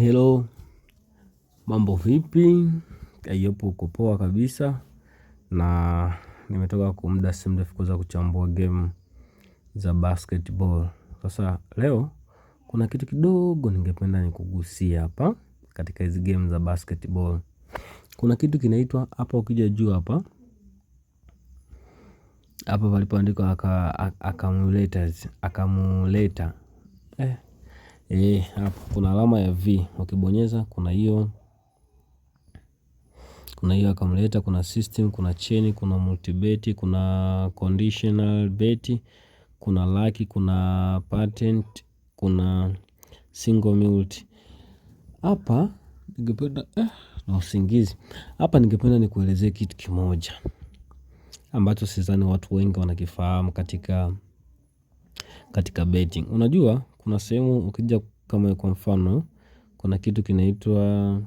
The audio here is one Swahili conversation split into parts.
Hello, mambo vipi? aiyopo uko poa kabisa na nimetoka kwa muda si mrefu kuweza kuchambua game za basketball. Sasa leo kuna kitu kidogo ningependa nikugusia hapa katika hizi game za basketball. Kuna kitu kinaitwa hapa ukija juu hapa hapa palipoandikwa accumulators, accumulator. Eh, Eee, eh, hapo, kuna alama ya V, ukibonyeza, kuna hiyo, kuna hiyo accumulator, kuna system, kuna chain, kuna multibeti, kuna conditional beti, kuna lucky, kuna patent, kuna single multi. Hapa, ningependa, eh, na usingizi. Hapa ningependa nikuelezee kitu kimoja. Ambacho sidhani watu wengi wanakifahamu katika katika betting. Unajua kuna sehemu ukija kama kwa mfano, kuna kitu kinaitwa,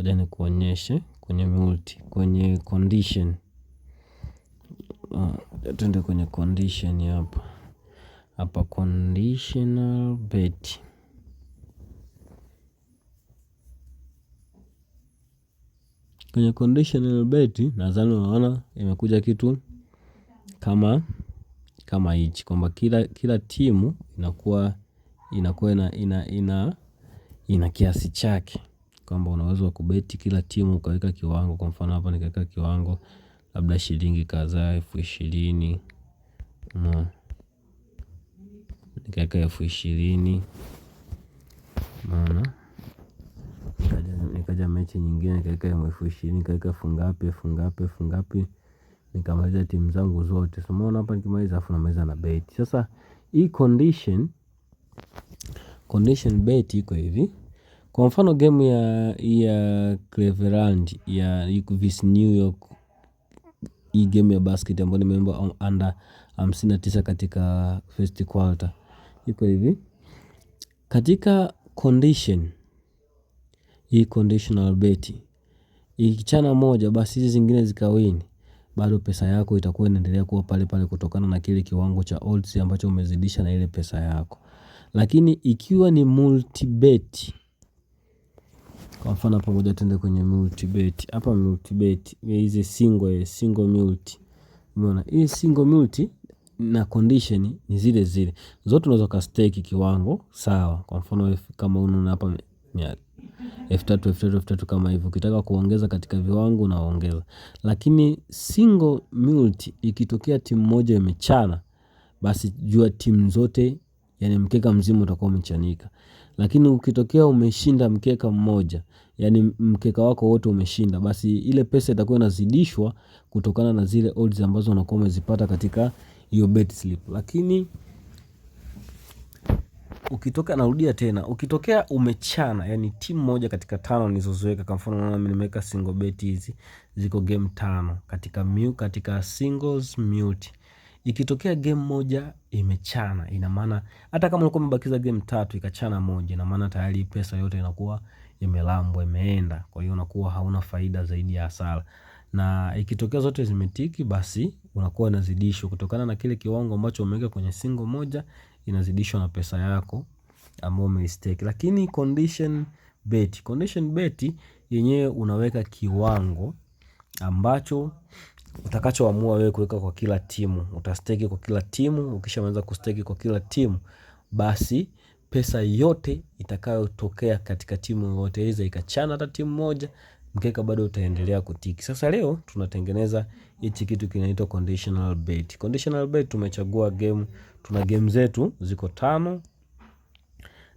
ngoja kuonyeshe kwenye multi, kwenye condition. Ah, Tuende kwenye condition hapa. Hapa conditional bet. Kwenye conditional bet, nadhani unaona imekuja kitu kama kama hichi kwamba kila, kila timu inakuwa inakuwa ina, ina, ina, ina kiasi chake kwamba unaweza kubeti kila timu ukaweka kiwango. Kwa mfano hapa nikaweka kiwango labda shilingi kadhaa elfu ishirini nikaweka elfu ishirini nikaja mechi nyingine nikaweka elfu ishirini nikaweka elfu ngapi elfu ngapi elfu ngapi nikamaliza timu zangu zote. So umeona hapa nikimaliza afu namaliza na bet Sasa hii condition condition bet iko hivi. Kwa mfano game ya ya Cleveland ya vs New York hii game ya basket ambayo nimeimba under 59 katika first quarter iko hivi katika condition hii conditional bet ikichana moja basi hizi zingine zikawini bado pesa yako itakuwa inaendelea kuwa pale pale kutokana na kile kiwango cha odds ambacho umezidisha na ile pesa yako. Lakini ikiwa ni multibeti, kwa mfano pamoja tuende kwenye multibeti. Hapa multibeti ni hizi single, single multi. Umeona hii single multi na condition ni zile zile zote, unaweza stake kiwango sawa. Kwa mfano kama unaona hapa elfu tatu elfu tatu elfu tatu kama hivyo. Ukitaka kuongeza katika viwango unaongeza, lakini single multi ikitokea timu moja imechana, basi jua timu zote, yani mkeka mzima utakuwa umechanika. Lakini ukitokea umeshinda mkeka mmoja, yani mkeka wako wote umeshinda, basi ile pesa itakuwa inazidishwa kutokana na zile odds ambazo unakuwa umezipata katika hiyo bet slip, lakini ukitokea, narudia tena, ukitokea umechana, yani timu moja katika tano nilizozoweka, kwa mfano naona nimeweka single bet, hizi ziko game tano katika mu, katika singles mute ikitokea game moja imechana, ina maana hata kama ulikuwa umebakiza game tatu ikachana moja, ina maana tayari pesa yote inakuwa imelambwa, imeenda. Kwa hiyo unakuwa hauna faida zaidi ya hasara, na ikitokea zote zimetiki, basi unakuwa unazidishwa kutokana na kile kiwango ambacho umeweka kwenye single moja inazidishwa na pesa yako ambayo umeistake. Lakini condition bet, condition bet yenyewe unaweka kiwango ambacho utakachoamua wewe kuweka kwa kila timu, utasteki kwa kila timu. Ukishaanza kusteki kwa kila timu, basi pesa yote itakayotokea katika timu yoyote, iza ikachana hata timu moja mkeka bado utaendelea kutiki. Sasa leo tunatengeneza hichi kitu kinaitwa conditional bet. Conditional bet tumechagua game, tuna game zetu ziko tano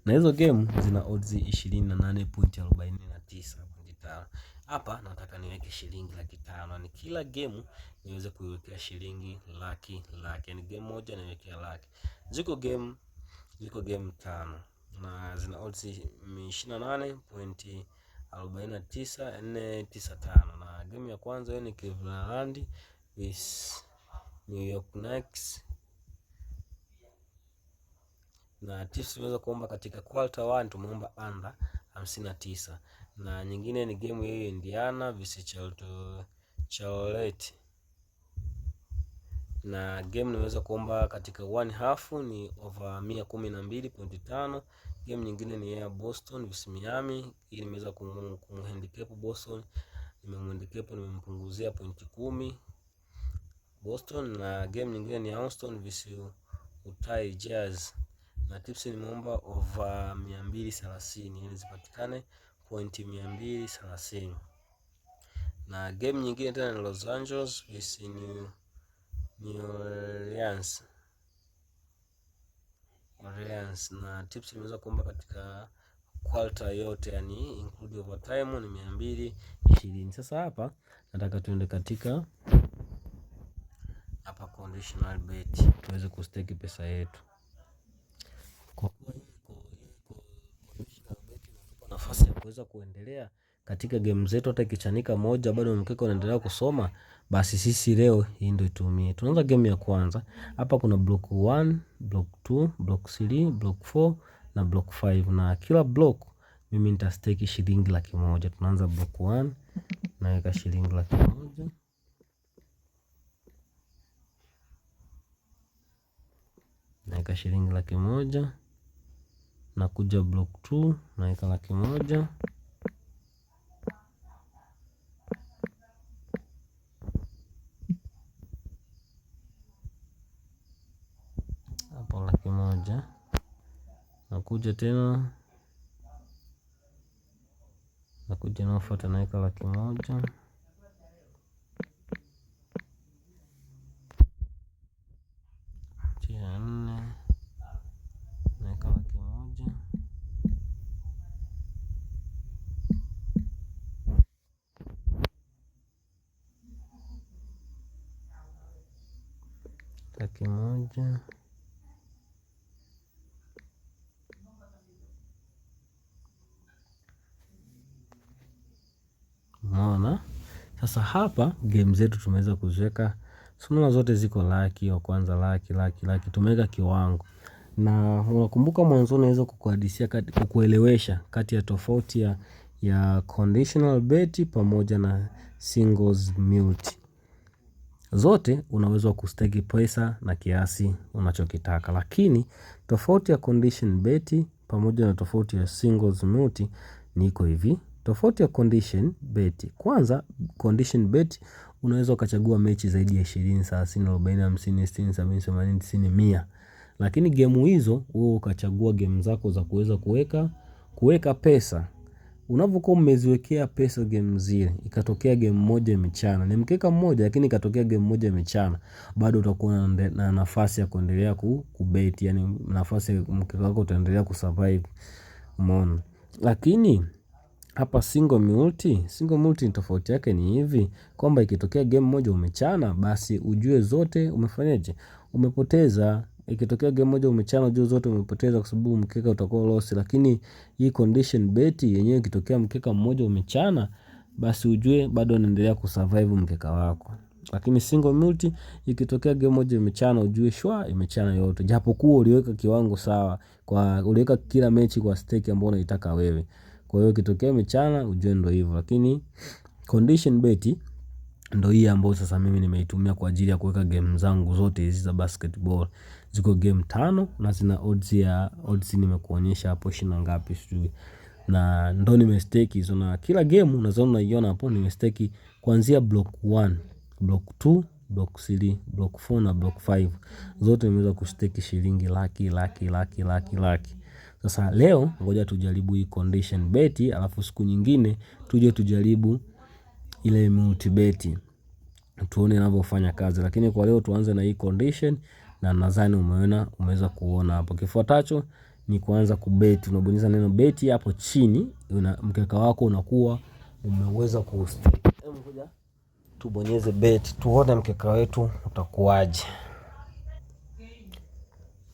na hizo game zina odds 28.49. Hapa nataka niweke shilingi laki tano, ni kila game niweze kuiwekea shilingi laki laki, yani game moja niwekea laki. Ziko game ziko game tano na zina odds 28. 49495 na game ya kwanza ni Cleveland vs New York Knicks na tips tunaweza kuomba katika quarter 1 tumeomba under 59 na nyingine ni game hii Indiana vs Charlotte Charlotte na game nimeweza kuomba katika one half ni over mia kumi na mbili pointi tano. Game nyingine ni ya Boston vs Miami, hii nimeweza kumhandicap Boston, nimemhandicap nimempunguzia point kumi Boston, na game nyingine ni Houston vs Utah Jazz na tips nimeomba over mia mbili thelathini ili zipatikane point mia mbili thelathini na game nyingine tena ni Los Angeles vs New New Orleans. Orleans na tips nimeweza kuomba katika quarter yote, yani include overtime ni mia mbili ishirini. Sasa hapa nataka tuende katika hapa conditional bet tuweze kustake pesa yetu nafasi ya kuweza kuendelea katika game zetu hata ikichanika moja bado mkeka unaendelea kusoma, basi sisi leo hii ndio itumie. Tunaanza game ya kwanza. Hapa kuna block 1, block 2, block 3, block 4 na block 5 na kila block mimi nitastake shilingi laki moja. Tunaanza block 1 naweka shilingi laki moja. Naweka shilingi laki moja. Nakuja block 2 naweka laki moja. moja nakuja tena nakuja naofuata naweka laki moja tia nne naweka laki moja laki moja Umeona? Sasa hapa game zetu tumeweza kuziweka. Unaona zote ziko laki, wa kwanza laki, laki, laki. Tumeweka kiwango. Na unakumbuka mwanzo naweza kukuhadisia kukuelewesha kati ya tofauti ya ya conditional bet pamoja na singles multi. Zote unaweza kustake pesa na kiasi unachokitaka. Lakini tofauti ya condition bet pamoja na tofauti ya singles multi ni iko hivi. Tofauti ya condition bet. Kwanza condition bet unaweza ukachagua mechi zaidi ya ishirini, thelathini, arobaini, hamsini, sitini, sabini, themanini, tisini, mia. Lakini gemu hizo wewe ukachagua gemu zako za kuweza kuweka kuweka pesa. Unavyokuwa umeziwekea pesa gemu zile, ikatokea gemu moja imechana, Ni mkeka mmoja lakini ikatokea gemu moja imechana, bado utakuwa na nafasi ya kuendelea kubet, yani nafasi mkeka wako utaendelea kusurvive. Umeona? Lakini hapa single multi, single multi ni tofauti yake ni hivi kwamba ikitokea game moja umechana basi ujue zote umefanyaje umepoteza. Ikitokea game moja umechana ujue zote umepoteza kwa sababu mkeka utakuwa loss. Lakini hii condition bet yenyewe ikitokea mkeka mmoja umechana basi ujue bado unaendelea kusurvive mkeka wako. Lakini single multi ikitokea game moja imechana ujue shwa imechana yote. Japokuwa uliweka kiwango sawa kwa uliweka kila mechi kwa stake ambayo unaitaka wewe. Kwa hiyo ikitokea mchana ujue ndo hivyo, lakini condition bet ndo hii ambayo sasa mimi nimeitumia kwa ajili ya kuweka game zangu zote hizi za basketball. Ziko game tano na zina odds ya odds nimekuonyesha hapo shina ngapi sijui. Na ndo nimestake hizo na kila game unazona unaiona hapo nimestake kuanzia block 1, block 2, block 3, block 4 na block 5. Zote nimeweza kustake shilingi laki laki laki laki laki laki. Sasa leo ngoja tujaribu hii condition beti, alafu siku nyingine tuje tujaribu ile beti tuone inavyofanya kazi, lakini kwa leo tuanze na hii condition, na nadhani umeona, umeweza kuona hapo. Kifuatacho ni kuanza kubeti. Unabonyeza neno beti hapo chini, una mkeka wako unakuwa umeweza ku tubonyeze beti tuone mkeka wetu utakuwaje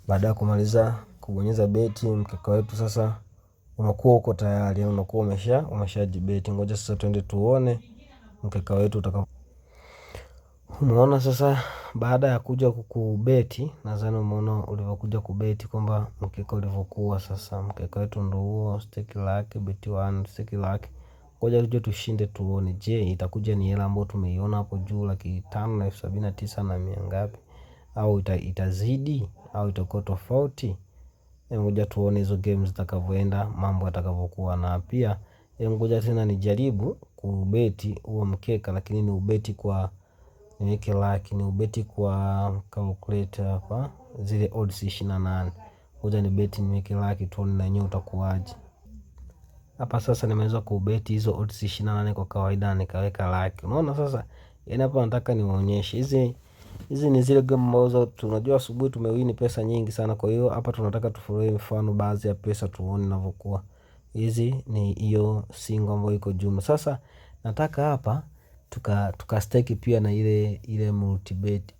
baada ya kumaliza kubonyeza beti, mkeka wetu sasa unakuwa uko tayari, yaani unakuwa umesha umeshajibeti. Ngoja sasa twende tuone mkeka wetu utaka. Umeona sasa, baada ya kuja kukubeti, nadhani umeona ulivyokuja kubeti kwamba mkeka ulivyokuwa. Sasa mkeka wetu ndio huo, stake lake beti 1 stake lake. Ngoja tuje tushinde tuone, je, itakuja ni hela ambayo tumeiona hapo juu laki tano na elfu sabini na tisa na mia ngapi, au ita, itazidi au itakuwa tofauti? Eh, ngoja tuone hizo games zitakavyoenda, mambo yatakavyokuwa, na pia eh, ngoja tena nijaribu kubeti huo mkeka, lakini ni ubeti kwa niweke laki, ni ubeti kwa calculator hapa, zile odds 28 Ngoja ni beti niweke laki, tuone na nyota utakuwaje. Hapa sasa nimeweza kubeti hizo odds 28 kwa kawaida nikaweka laki. Unaona sasa, yani hapa nataka niwaonyeshe hizi Hizi ni zile game ambazo tunajua asubuhi tumewini pesa nyingi sana. Kwa hiyo hapa tunataka tufurahie mfano baadhi ya pesa tuone inavyokuwa. Hizi ni hiyo single ambayo iko juma. Sasa nataka hapa tuka tukastake pia na ile ile multibet.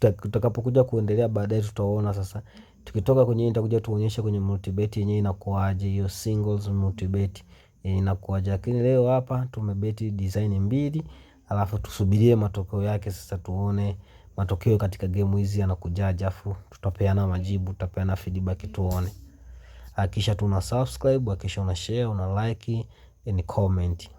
Tutakapokuja kuendelea baadaye tutaona sasa. Tukitoka kwenye hii nitakuja tuonyeshe kwenye multibet yenyewe inakuaje, hiyo singles multibet eh, inakuaje. Lakini leo hapa tumebeti design mbili. Alafu tusubirie matokeo yake sasa tuone matokeo katika gemu hizi yanakujaje afu tutapeana majibu, tutapeana feedback tuone. akisha tuna una subscribe, hakikisha una share, una like, and comment.